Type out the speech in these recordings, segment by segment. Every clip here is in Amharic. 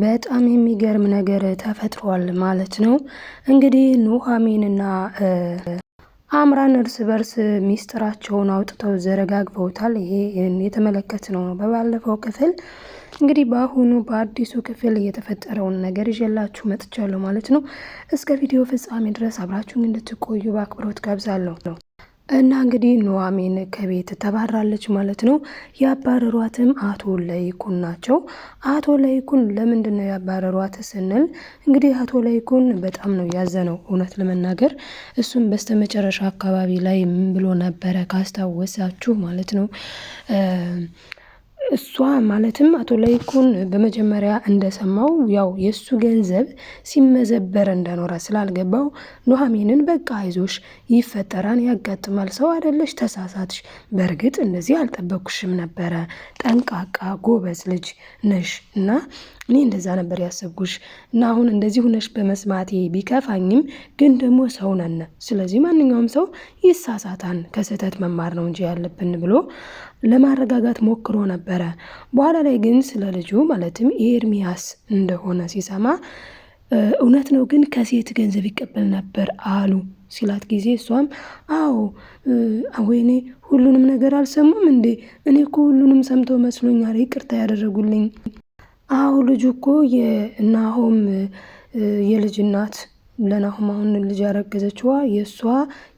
በጣም የሚገርም ነገር ተፈጥሯል ማለት ነው። እንግዲህ ኑሐሚንና አምራን እርስ በርስ ሚስጥራቸውን አውጥተው ዘረጋግበውታል። ይሄ የተመለከትነው ነው በባለፈው ክፍል። እንግዲህ በአሁኑ በአዲሱ ክፍል የተፈጠረውን ነገር ይዤላችሁ መጥቻለሁ ማለት ነው። እስከ ቪዲዮ ፍጻሜ ድረስ አብራችሁን እንድትቆዩ በአክብሮት ጋብዛለሁ። እና እንግዲህ ኑሐሚን ከቤት ተባራለች ማለት ነው። ያባረሯትም አቶ ለይኩን ናቸው። አቶ ለይኩን ለምንድን ነው ያባረሯት ስንል እንግዲህ አቶ ለይኩን በጣም ነው ያዘነው። እውነት ለመናገር እሱም በስተመጨረሻ አካባቢ ላይ ምን ብሎ ነበረ ካስታወሳችሁ ማለት ነው እሷ ማለትም አቶ ላይኩን በመጀመሪያ እንደሰማው ያው የእሱ ገንዘብ ሲመዘበር እንደኖረ ስላልገባው ኑሐሚንን በቃ አይዞሽ፣ ይፈጠራን ያጋጥማል፣ ሰው አይደለሽ፣ ተሳሳትሽ፣ በእርግጥ እንደዚህ አልጠበኩሽም ነበረ፣ ጠንቃቃ ጎበዝ ልጅ ነሽ እና እኔ እንደዛ ነበር ያሰብኩሽ እና አሁን እንደዚህ ሁነሽ በመስማቴ ቢከፋኝም ግን ደግሞ ሰው ነን፣ ስለዚህ ማንኛውም ሰው ይሳሳታን፣ ከስህተት መማር ነው እንጂ ያለብን ብሎ ለማረጋጋት ሞክሮ ነበረ። በኋላ ላይ ግን ስለ ልጁ ማለትም ኤርሚያስ እንደሆነ ሲሰማ እውነት ነው ግን ከሴት ገንዘብ ይቀበል ነበር አሉ ሲላት ጊዜ እሷም አዎ ወይኔ ሁሉንም ነገር አልሰሙም እንዴ? እኔ እኮ ሁሉንም ሰምተው መስሎኛል፣ ይቅርታ ያደረጉልኝ። አዎ ልጁ እኮ የናሆም የልጅ እናት ለናሆም አሁን ልጅ ያረገዘችዋ የእሷ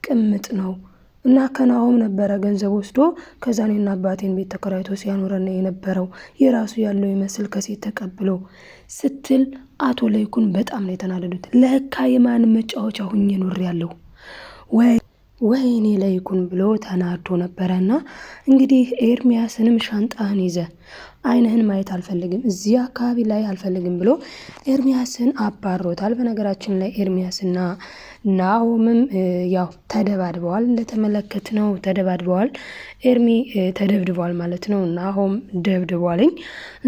ቅምጥ ነው እና ከናሆም ነበረ ገንዘብ ወስዶ ከዛ እኔና አባቴን ቤት ተከራይቶ ሲያኖረን የነበረው የራሱ ያለው ይመስል ከሴት ተቀብሎ ስትል አቶ ለይኩን በጣም ነው የተናደዱት። ለካ የማን መጫወቻ ሁኜ ኖር ያለው ወይ ወይኔ ለይኩን ብሎ ተናዶ ነበረ። ነበረና እንግዲህ ኤርሚያስንም ሻንጣህን ይዘ አይንህን ማየት አልፈልግም፣ እዚህ አካባቢ ላይ አልፈልግም ብሎ ኤርሚያስን አባሮታል። በነገራችን ላይ ኤርሚያስና ናሆምም ያው ተደባድበዋል እንደተመለከት ነው ተደባድበዋል። ኤርሚ ተደብድቧል ማለት ነው። ናሆም ደብድቧልኝ።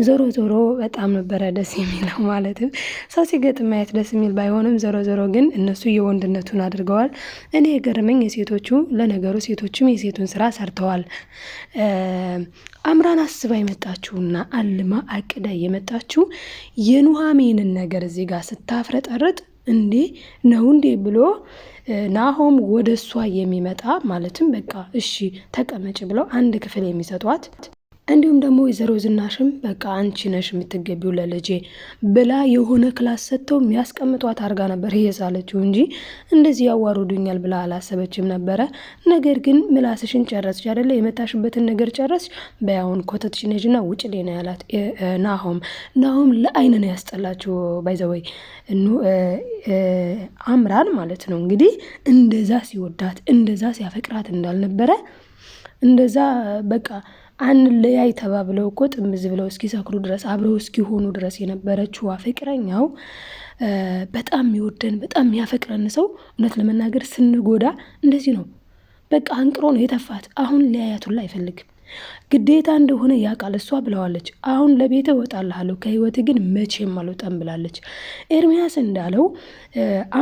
ዞሮ ዞሮ በጣም ነበረ ደስ የሚለው ነው። ሰው ሲገጥም ማየት ደስ የሚል ባይሆንም ዞሮ ዞሮ ግን እነሱ የወንድነቱን አድርገዋል። እኔ የገረመኝ የሴቶቹ ለነገሩ ሴቶቹም የሴቱን ስራ ሰርተዋል። አምራን አስባ የመጣችሁና አልማ አቅዳ የመጣችሁ የኑሃሜንን ነገር እዚህ ጋር ስታፍረጠርጥ እንዴ ነው እንዴ ብሎ ናሆም ወደ እሷ የሚመጣ ማለትም በቃ እሺ ተቀመጭ ብለው አንድ ክፍል የሚሰጧት እንዲሁም ደግሞ ወይዘሮ ዝናሽም በቃ አንቺ ነሽ የምትገቢው ለልጄ ብላ የሆነ ክላስ ሰጥተው የሚያስቀምጧት አድርጋ ነበር እየሳለችው እንጂ እንደዚህ ያዋሩዱኛል ብላ አላሰበችም ነበረ። ነገር ግን ምላስሽን ጨረስሽ አደለ? የመታሽበትን ነገር ጨረስሽ። በያሁን ነጅ ና ውጭ ሌና ያላት ናሆም። ናሆም ለአይን ነው ያስጠላችው። ባይዘወይ አምራን ማለት ነው እንግዲህ እንደዛ ሲወዳት እንደዛ ሲያፈቅራት እንዳልነበረ እንደዛ በቃ አንለያይ ተባብለው እኮ ጥምዝ ብለው እስኪሰክሩ ድረስ አብረው እስኪሆኑ ድረስ የነበረችዋ ፍቅረኛው በጣም የሚወደን በጣም የሚያፈቅረን ሰው እውነት ለመናገር ስንጎዳ እንደዚህ ነው። በቃ አንቅሮ ነው የተፋት። አሁን ሊያያቱላ አይፈልግም። ግዴታ እንደሆነ ያ ቃል እሷ ብለዋለች። አሁን ለቤተ እወጣልሃለሁ ከህይወት ግን መቼም አልወጣም ብላለች። ኤርሚያስ እንዳለው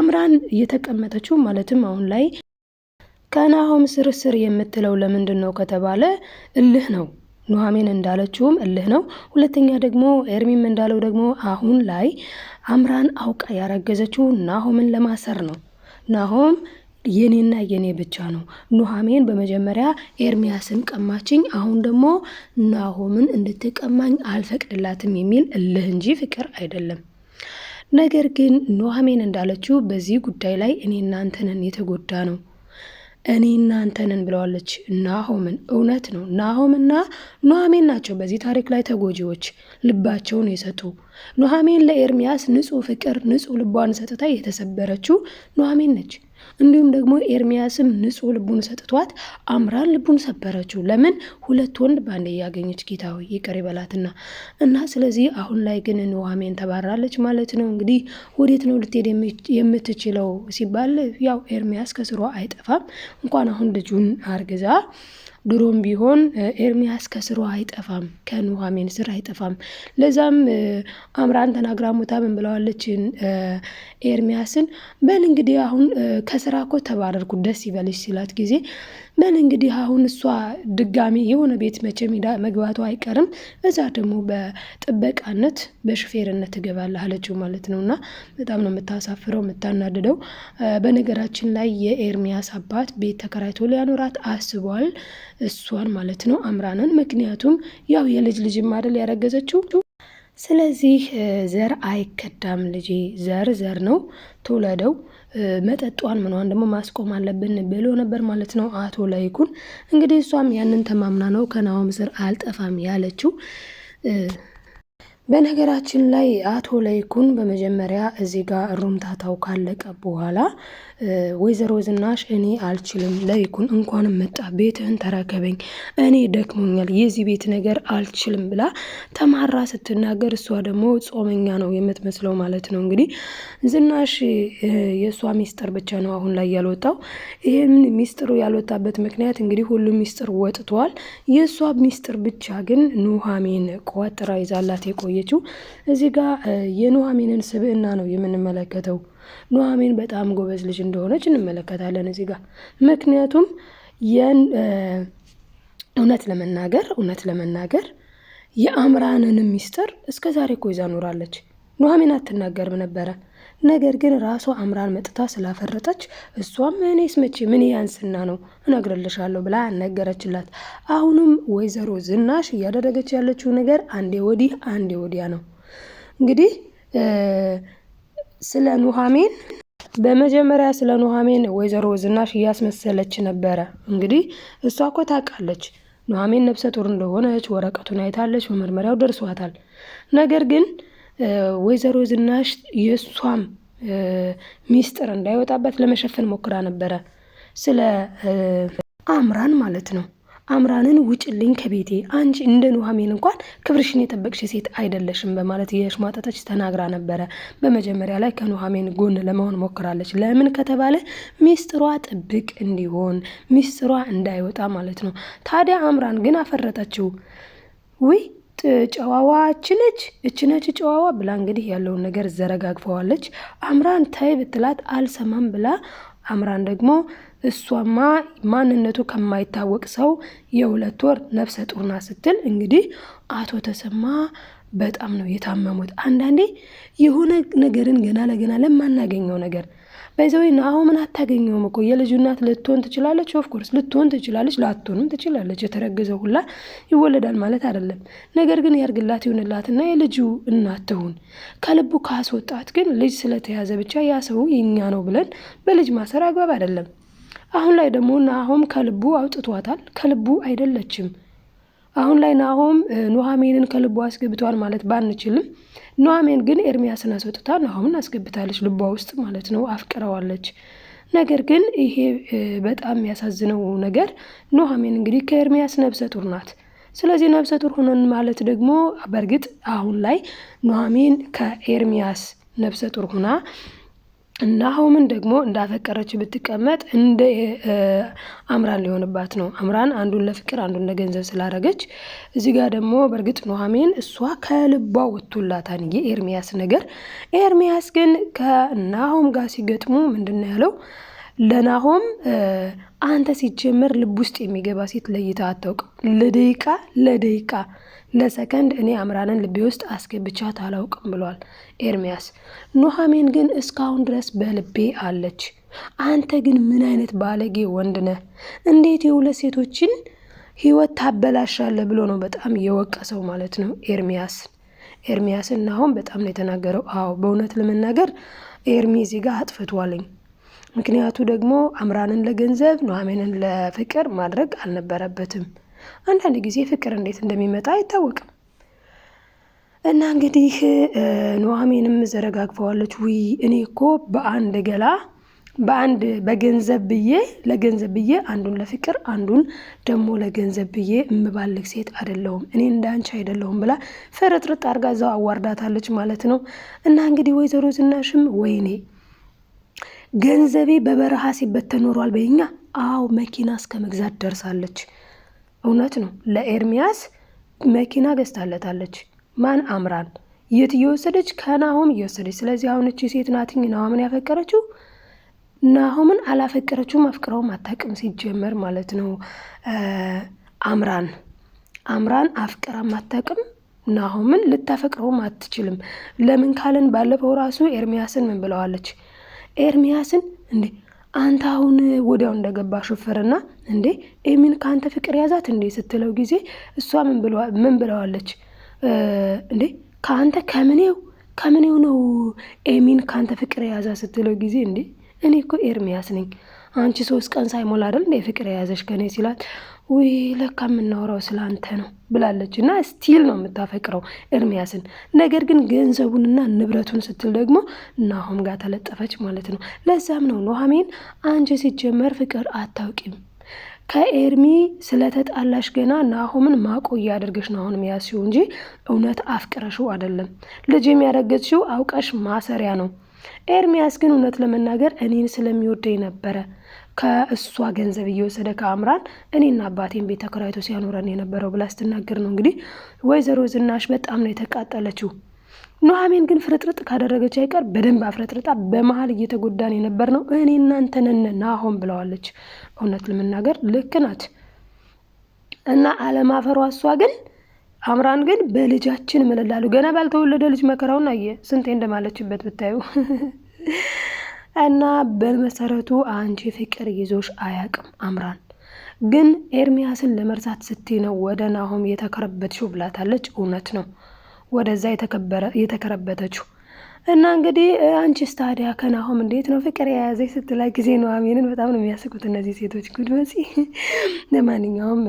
አምራን እየተቀመጠችው ማለትም አሁን ላይ ከናሆም ስር ስር የምትለው ለምንድን ነው ከተባለ እልህ ነው። ኑሐሚን እንዳለችውም እልህ ነው። ሁለተኛ ደግሞ ኤርሚም እንዳለው ደግሞ አሁን ላይ አምራን አውቃ ያረገዘችው ናሆምን ለማሰር ነው። ናሆም የኔና የኔ ብቻ ነው። ኑሐሚን በመጀመሪያ ኤርሚያስን ቀማችኝ፣ አሁን ደግሞ ናሆምን እንድትቀማኝ አልፈቅድላትም የሚል እልህ እንጂ ፍቅር አይደለም። ነገር ግን ኑሐሚን እንዳለችው በዚህ ጉዳይ ላይ እኔ እናንተንን የተጎዳ ነው እኔ እናንተንን ብለዋለች ናሆምን። እውነት ነው። ናሆምና ኑሐሚን ናቸው በዚህ ታሪክ ላይ ተጎጂዎች፣ ልባቸውን የሰጡ ኑሐሚን ለኤርሚያስ ንጹህ ፍቅር ንጹህ ልቧን ሰጥታ የተሰበረችው ኑሐሚን ነች። እንዲሁም ደግሞ ኤርሚያስም ንጹሕ ልቡን ሰጥቷት አምራን ልቡን ሰበረችው። ለምን ሁለት ወንድ በአንድ ያገኘች ጌታዊ ይቅር ይበላትና እና ስለዚህ አሁን ላይ ግን ኑሃሜን ተባራለች ማለት ነው። እንግዲህ ወዴት ነው ልትሄድ የምትችለው ሲባል ያው ኤርሚያስ ከስሯ አይጠፋም። እንኳን አሁን ልጁን አርግዛ ድሮም ቢሆን ኤርሚያስ ከስሩ አይጠፋም፣ ከኑሃሜን ስር አይጠፋም። ለዛም አምራን ተናግራ ሞታ ምን ብለዋለችን ኤርሚያስን በል እንግዲህ አሁን ከስራ እኮ ተባረርኩ ደስ ይበልሽ ሲላት ጊዜ ምን እንግዲህ አሁን እሷ ድጋሚ የሆነ ቤት መቼም መግባቱ አይቀርም። እዛ ደግሞ በጥበቃነት በሹፌርነት ትገባለህ አለችው ማለት ነው። እና በጣም ነው የምታሳፍረው የምታናድደው። በነገራችን ላይ የኤርሚያስ አባት ቤት ተከራይቶ ሊያኖራት አስቧል፣ እሷን ማለት ነው አምራንን። ምክንያቱም ያው የልጅ ልጅ ማደል ያረገዘችው ስለዚህ ዘር አይከዳም ልጄ፣ ዘር ዘር ነው ትውለደው መጠጧን ምኗን ደግሞ ማስቆም አለብን ብሎ ነበር ማለት ነው አቶ ላይኩን። እንግዲህ እሷም ያንን ተማምና ነው ከናሆም ስር አልጠፋም ያለችው። በነገራችን ላይ አቶ ለይኩን በመጀመሪያ እዚህ ጋር ሩምታታው ካለቀ በኋላ ወይዘሮ ዝናሽ እኔ አልችልም፣ ለይኩን እንኳንም መጣ ቤትህን ተረከበኝ፣ እኔ ደክሞኛል፣ የዚህ ቤት ነገር አልችልም ብላ ተማራ ስትናገር፣ እሷ ደግሞ ጾመኛ ነው የምትመስለው ማለት ነው። እንግዲህ ዝናሽ የእሷ ሚስጥር ብቻ ነው አሁን ላይ ያልወጣው። ይህም ሚስጥሩ ያልወጣበት ምክንያት እንግዲህ ሁሉም ሚስጥር ወጥተዋል። የእሷ ሚስጥር ብቻ ግን ኑሃሜን ቋጥራ ይዛላት የቆየ የቆየችው። እዚህ ጋር የኑሐሚንን ስብዕና ነው የምንመለከተው። ኑሐሚን በጣም ጎበዝ ልጅ እንደሆነች እንመለከታለን እዚህ ጋር ምክንያቱም እውነት ለመናገር እውነት ለመናገር የአምራንን ሚስጥር እስከ ዛሬ እኮ ይዛ ኖራለች። ኑሐሚን አትናገርም ነበረ። ነገር ግን ራሷ አምራን መጥታ ስላፈረጠች እሷም እኔስ መቼ ምን ያንስና ነው እነግርልሻለሁ ብላ ነገረችላት። አሁንም ወይዘሮ ዝናሽ እያደረገች ያለችው ነገር አንዴ ወዲህ አንዴ ወዲያ ነው። እንግዲህ ስለ ኑሐሚን በመጀመሪያ ስለ ኑሐሚን ወይዘሮ ዝናሽ እያስመሰለች ነበረ። እንግዲህ እሷ እኮ ታውቃለች ኑሐሚን ነፍሰ ጡር እንደሆነች ወረቀቱን አይታለች፣ መመርመሪያው ደርሷታል። ነገር ግን ወይዘሮ ዝናሽ የእሷም ሚስጥር እንዳይወጣበት ለመሸፈን ሞክራ ነበረ። ስለ አምራን ማለት ነው። አምራንን ውጭልኝ ከቤቴ አንቺ እንደ ኑሐሚን እንኳን ክብርሽን የጠበቅሽ ሴት አይደለሽም በማለት የሽማጠጠች ተናግራ ነበረ። በመጀመሪያ ላይ ከኑሐሚን ጎን ለመሆን ሞክራለች። ለምን ከተባለ ሚስጥሯ ጥብቅ እንዲሆን ሚስጥሯ እንዳይወጣ ማለት ነው። ታዲያ አምራን ግን አፈረጠችው። ውይ ጨዋዋ እች ነች ጨዋዋ ብላ እንግዲህ ያለውን ነገር ዘረጋግፈዋለች። አምራን ታይ ብትላት አልሰማም ብላ አምራን ደግሞ እሷማ ማንነቱ ከማይታወቅ ሰው የሁለት ወር ነፍሰ ጡርና ስትል እንግዲህ አቶ ተሰማ በጣም ነው የታመሙት። አንዳንዴ የሆነ ነገርን ገና ለገና ለማናገኘው ነገር በዚያው ናሆምን አታገኘውም እኮ የልጁ እናት ልትሆን ትችላለች። ኦፍኮርስ ልትሆን ትችላለች፣ ላትሆንም ትችላለች። የተረገዘው ሁላ ይወለዳል ማለት አይደለም። ነገር ግን ያርግላት ይሁንላትና የልጁ እናት ትሁን። ከልቡ ካስወጣት ግን ልጅ ስለተያዘ ብቻ ያ ሰው የኛ ነው ብለን በልጅ ማሰር አግባብ አይደለም። አሁን ላይ ደግሞ ናሆም ከልቡ አውጥቷታል። ከልቡ አይደለችም። አሁን ላይ ናሆም ኑሐሚንን ከልቡ አስገብቷል ማለት ባንችልም፣ ኑሐሚን ግን ኤርሚያስን አስወጥታ ናሆምን አስገብታለች ልቧ ውስጥ ማለት ነው። አፍቅረዋለች። ነገር ግን ይሄ በጣም የሚያሳዝነው ነገር ኑሐሚን እንግዲህ ከኤርሚያስ ነብሰ ጡር ናት። ስለዚህ ነብሰ ጡር ሆነን ማለት ደግሞ በእርግጥ አሁን ላይ ኑሐሚን ከኤርሚያስ ነብሰ ጡር ሁና ናሆምን ደግሞ እንዳፈቀረችው ብትቀመጥ እንደ አምራን ሊሆንባት ነው። አምራን አንዱን ለፍቅር አንዱን ለገንዘብ ስላረገች፣ እዚህ ጋር ደግሞ በእርግጥ ኑሐሚን እሷ ከልቧ ወቶላታን የኤርሚያስ ነገር። ኤርሚያስ ግን ከናሆም ጋር ሲገጥሙ ምንድን ነው ያለው? ለናሆም አንተ ሲጀመር ልብ ውስጥ የሚገባ ሴት ለይታ አታውቅም። ለደቂቃ ለደቂቃ ለሰከንድ እኔ አምራንን ልቤ ውስጥ አስገብቻት አላውቅም ብሏል ኤርሚያስ። ኑሐሚን ግን እስካሁን ድረስ በልቤ አለች። አንተ ግን ምን አይነት ባለጌ ወንድ ነህ? እንዴት የሁለት ሴቶችን ህይወት ታበላሻለህ? ብሎ ነው በጣም የወቀሰው ማለት ነው ኤርሚያስ ኤርሚያስን ናሆም በጣም ነው የተናገረው። አዎ በእውነት ለመናገር ኤርሚ ዜጋ አጥፍቷልኝ ምክንያቱ ደግሞ አምራንን ለገንዘብ ኑሐሚንን ለፍቅር ማድረግ አልነበረበትም። አንዳንድ ጊዜ ፍቅር እንዴት እንደሚመጣ አይታወቅም። እና እንግዲህ ኑሐሚንም ዘረጋግፈዋለች። ውይ እኔ እኮ በአንድ ገላ በአንድ በገንዘብ ብዬ ለገንዘብ ብዬ አንዱን ለፍቅር አንዱን ደግሞ ለገንዘብ ብዬ የምባልግ ሴት አይደለሁም፣ እኔ እንዳንቺ አይደለሁም ብላ ፍርጥርጥ አርጋ እዛው አዋርዳታለች ማለት ነው። እና እንግዲህ ወይዘሮ ዝናሽም ወይኔ ገንዘቤ በበረሃ ሲበተን ኖሯል በኛ። አዎ መኪና እስከ መግዛት ደርሳለች። እውነት ነው። ለኤርሚያስ መኪና ገዝታለታለች። ማን አምራን የት እየወሰደች ከናሆም እየወሰደች። ስለዚህ አሁን እቺ ሴት ናትኝ ናሆምን ያፈቀረችው ናሆምን አላፈቀረችውም፣ አፍቅረውም አታውቅም ሲጀመር ማለት ነው። አምራን አምራን አፍቅራም አታውቅም፣ ናሆምን ልታፈቅረውም አትችልም። ለምን ካልን ባለፈው ራሱ ኤርሚያስን ምን ብለዋለች? ኤርሚያስን እንዴ አንተ አሁን ወዲያው እንደገባ ሾፈርና እንዴ ኤሚን ከአንተ ፍቅር ያዛት እንዴ ስትለው ጊዜ እሷ ምን ብለዋለች? እንዴ ከአንተ ከምኔው ከምኔው ነው ኤሚን ከአንተ ፍቅር የያዛ ስትለው ጊዜ እንዴ እኔ እኮ ኤርሚያስ ነኝ አንቺ ሶስት ቀን ሳይሞላ አይደል እንደ ፍቅር የያዘሽ ከኔ ሲላት ውይ ለካ የምናወራው ስለ አንተ ነው ብላለች። እና ስቲል ነው የምታፈቅረው እርሚያስን ነገር ግን ገንዘቡንና ንብረቱን ስትል ደግሞ ናሆም ጋር ተለጠፈች ማለት ነው። ለዛም ነው ኑሐሚን አንቺ ሲጀመር ፍቅር አታውቂም ከኤርሚ ስለተጣላሽ ገና ናሆምን ማቆያ አድርገሽ ነው አሁን ያዝሽው እንጂ እውነት አፍቅረሽው አይደለም። ልጅ የሚያረገዝሽው አውቀሽ ማሰሪያ ነው ኤርሚያስ ግን እውነት ለመናገር እኔን ስለሚወደኝ ነበረ ከእሷ ገንዘብ እየወሰደ ከአምራን እኔና አባቴን ቤት ተከራይቶ ሲያኖረን የነበረው ብላ ስትናገር ነው እንግዲህ ወይዘሮ ዝናሽ በጣም ነው የተቃጠለችው። ኑሐሚን ግን ፍርጥርጥ ካደረገች አይቀር በደንብ አፍረጥርጣ በመሀል እየተጎዳን የነበር ነው እኔ እናንተ ነን ናሆን ብለዋለች። እውነት ለመናገር ልክ ናት እና አለማፈሯ እሷ ግን አምራን ግን በልጃችን ምንላሉ ገና ባልተወለደ ልጅ መከራውን አየ ስንቴ እንደማለችበት ብታዩ እና በመሰረቱ አንቺ ፍቅር ይዞሽ አያቅም አምራን ግን ኤርሚያስን ለመርሳት ስቲ ነው ወደ ናሆም የተከረበትሽው ብላታለች። እውነት ነው፣ ወደዛ የተከረበተችው እና እንግዲህ አንቺስ ታዲያ ከናሆም እንዴት ነው ፍቅር የያዘች ስትላ ጊዜ ነው አሜንን በጣም ነው የሚያስቁት እነዚህ ሴቶች ጉድ ለማንኛውም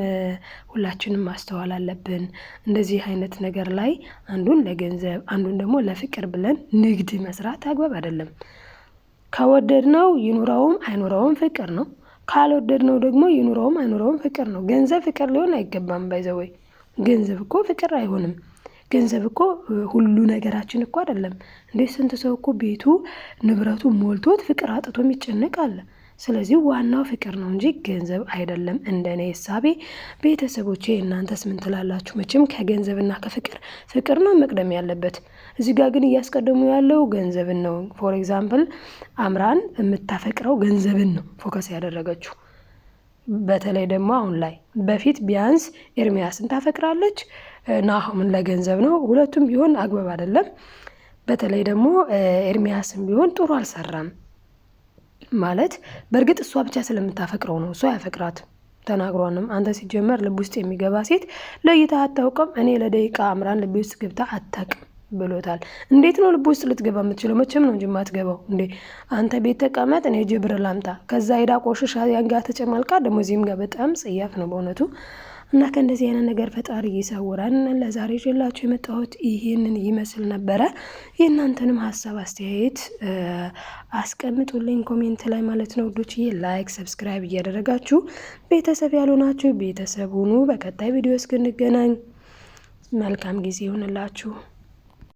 ሁላችንም ማስተዋል አለብን እንደዚህ አይነት ነገር ላይ አንዱን ለገንዘብ አንዱን ደግሞ ለፍቅር ብለን ንግድ መስራት አግባብ አይደለም። ከወደድነው ይኑረውም አይኑረውም ፍቅር ነው። ካልወደድነው ደግሞ ይኑረውም አይኑረውም ፍቅር ነው። ገንዘብ ፍቅር ሊሆን አይገባም። ባይዘወይ ገንዘብ እኮ ፍቅር አይሆንም። ገንዘብ እኮ ሁሉ ነገራችን እኮ አይደለም። እንዴት ስንት ሰው እኮ ቤቱ ንብረቱ ሞልቶት ፍቅር አጥቶ የሚጨነቅ አለ። ስለዚህ ዋናው ፍቅር ነው እንጂ ገንዘብ አይደለም። እንደኔ እኔ እሳቤ ቤተሰቦቼ፣ እናንተስ ምን ትላላችሁ? መቼም ከገንዘብና ከፍቅር ፍቅር ነው መቅደም ያለበት። እዚህ ጋር ግን እያስቀደሙ ያለው ገንዘብን ነው። ፎር ኤግዛምፕል አምራን የምታፈቅረው ገንዘብን ነው ፎከስ ያደረገችው። በተለይ ደግሞ አሁን ላይ በፊት ቢያንስ ኤርሚያስን ታፈቅራለች ናሆምን ለገንዘብ ነው። ሁለቱም ቢሆን አግባብ አይደለም። በተለይ ደግሞ ኤርሚያስም ቢሆን ጥሩ አልሰራም። ማለት በእርግጥ እሷ ብቻ ስለምታፈቅረው ነው፣ እሷ ያፈቅራት ተናግሯንም አንተ ሲጀመር ልብ ውስጥ የሚገባ ሴት ለይታ አታውቅም፣ እኔ ለደቂቃ አምራን ልቤ ውስጥ ገብታ አታውቅም ብሎታል። እንዴት ነው ልብ ውስጥ ልትገባ የምትችለው? መቼም ነው እንጂ የማትገባው። እንዴ አንተ ቤት ተቀመጥ፣ እኔ ጅብር ላምጣ፣ ከዛ ሄዳ ቆሽሽ ያንጋ ተጨማልቃ ደግሞ እዚህም ጋር በጣም ጽያፍ ነው በእውነቱ እና ከእንደዚህ አይነት ነገር ፈጣሪ ይሰውረን። ለዛሬ ይዤላችሁ የመጣሁት ይህንን ይመስል ነበረ። የእናንተንም ሀሳብ አስተያየት አስቀምጡልኝ ኮሜንት ላይ ማለት ነው ውዶችዬ። ላይክ ሰብስክራይብ እያደረጋችሁ ቤተሰብ ያልሆናችሁ ቤተሰብ ሁኑ። በቀጣይ ቪዲዮ እስክንገናኝ መልካም ጊዜ ይሁንላችሁ።